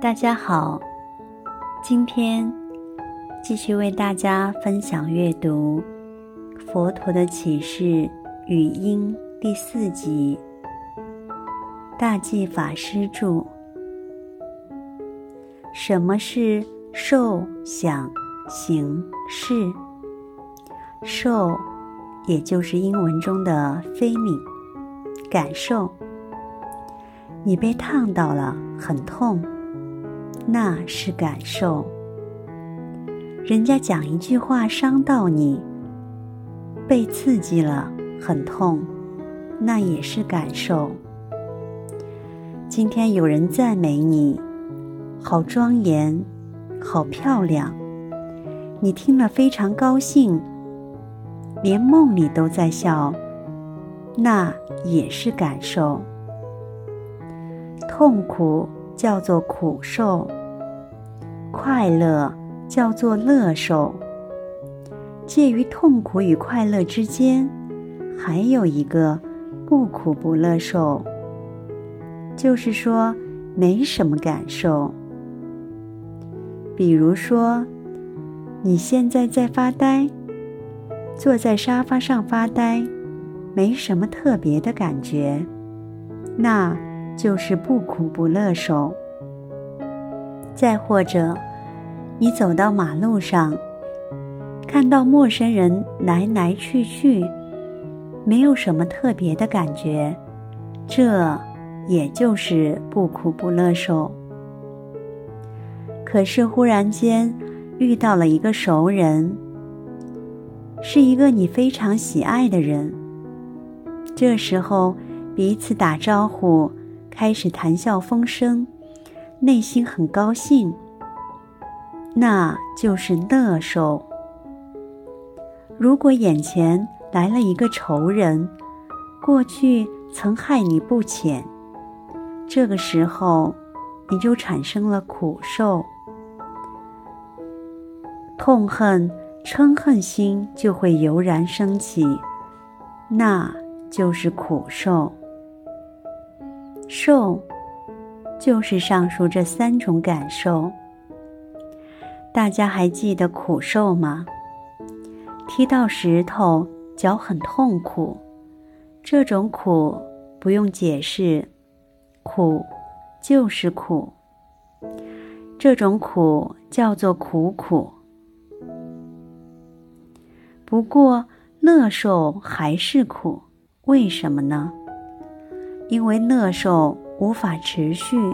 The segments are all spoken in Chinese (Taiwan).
大家好，今天繼續為大家分享閱讀《佛陀的啟示》語音第四集，大寂法師著。什麼是受想行識？受，也就是英文中的 feeling，感受。你被燙到了，很痛。那是感受。人家講一句話傷到你，被刺激了，很痛，那也是感受。今天有人贊美你，好莊嚴，好漂亮，你聽了非常高興，連夢裡都在笑，那也是感受。痛苦。叫做苦受，快樂叫做樂受。介於痛苦與快樂之間，還有一個不苦不樂受，就是說沒什麼感受。比如說，你現在在發呆，坐在沙發上發呆，沒什麼特別的感覺，那。就是不苦不樂受。再或者，你走到馬路上，看到陌生人來來去去，沒有什麼特別的感覺，這也就是不苦不樂受。可是忽然間遇到了一個熟人，是一個你非常喜愛的人，這時候彼此打招呼。開始談笑風生，內心很高興，那就是樂受。如果眼前來了一個仇人，過去曾害你不淺，這個時候你就產生了苦受，痛恨嗔恨心就會油然升起，那就是苦受。受，就是上述這三種感受。大家還記得苦受嗎？踢到石頭，腳很痛苦，這種苦不用解釋，苦就是苦。這種苦叫做苦苦。不過樂受還是苦，為什麼呢？因為樂受無法持續，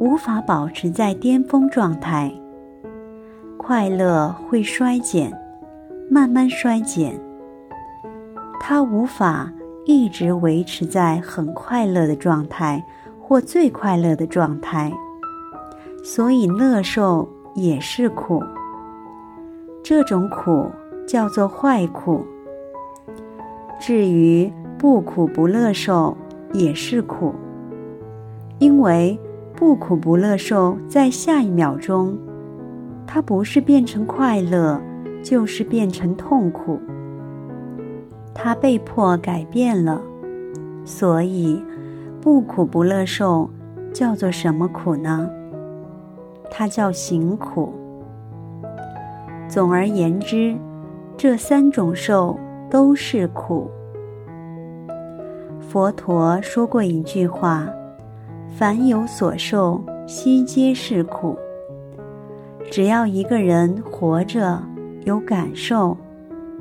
無法保持在巔峰狀態，快樂會衰減，慢慢衰減。它無法一直維持在很快樂的狀態或最快樂的狀態，所以樂受也是苦。這種苦叫做壞苦。至於不苦不樂受，也是苦，因為不苦不樂受在下一秒鐘，它不是變成快樂，就是變成痛苦，它被迫改變了。所以，不苦不樂受叫做什麼苦呢？它叫行苦。總而言之，這三種受都是苦。佛陀說過一句話：“凡有所受，悉皆是苦。”只要一個人活着，有感受，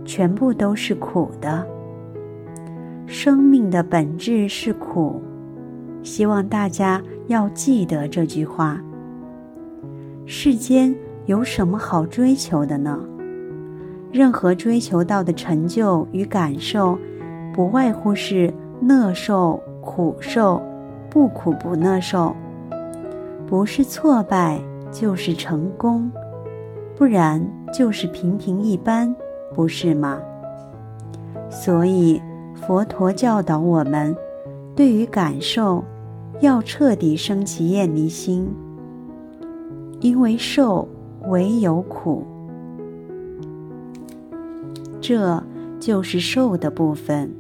全部都是苦的。生命的本質是苦，希望大家要記得這句話。世間有什麼好追求的呢？任何追求到的成就與感受，不外乎是。樂受、苦受，不苦不樂受，不是挫敗就是成功，不然就是平平一般，不是嗎？所以佛陀教導我們，對於感受要徹底升起厭離心，因為受唯有苦，這就是受的部分。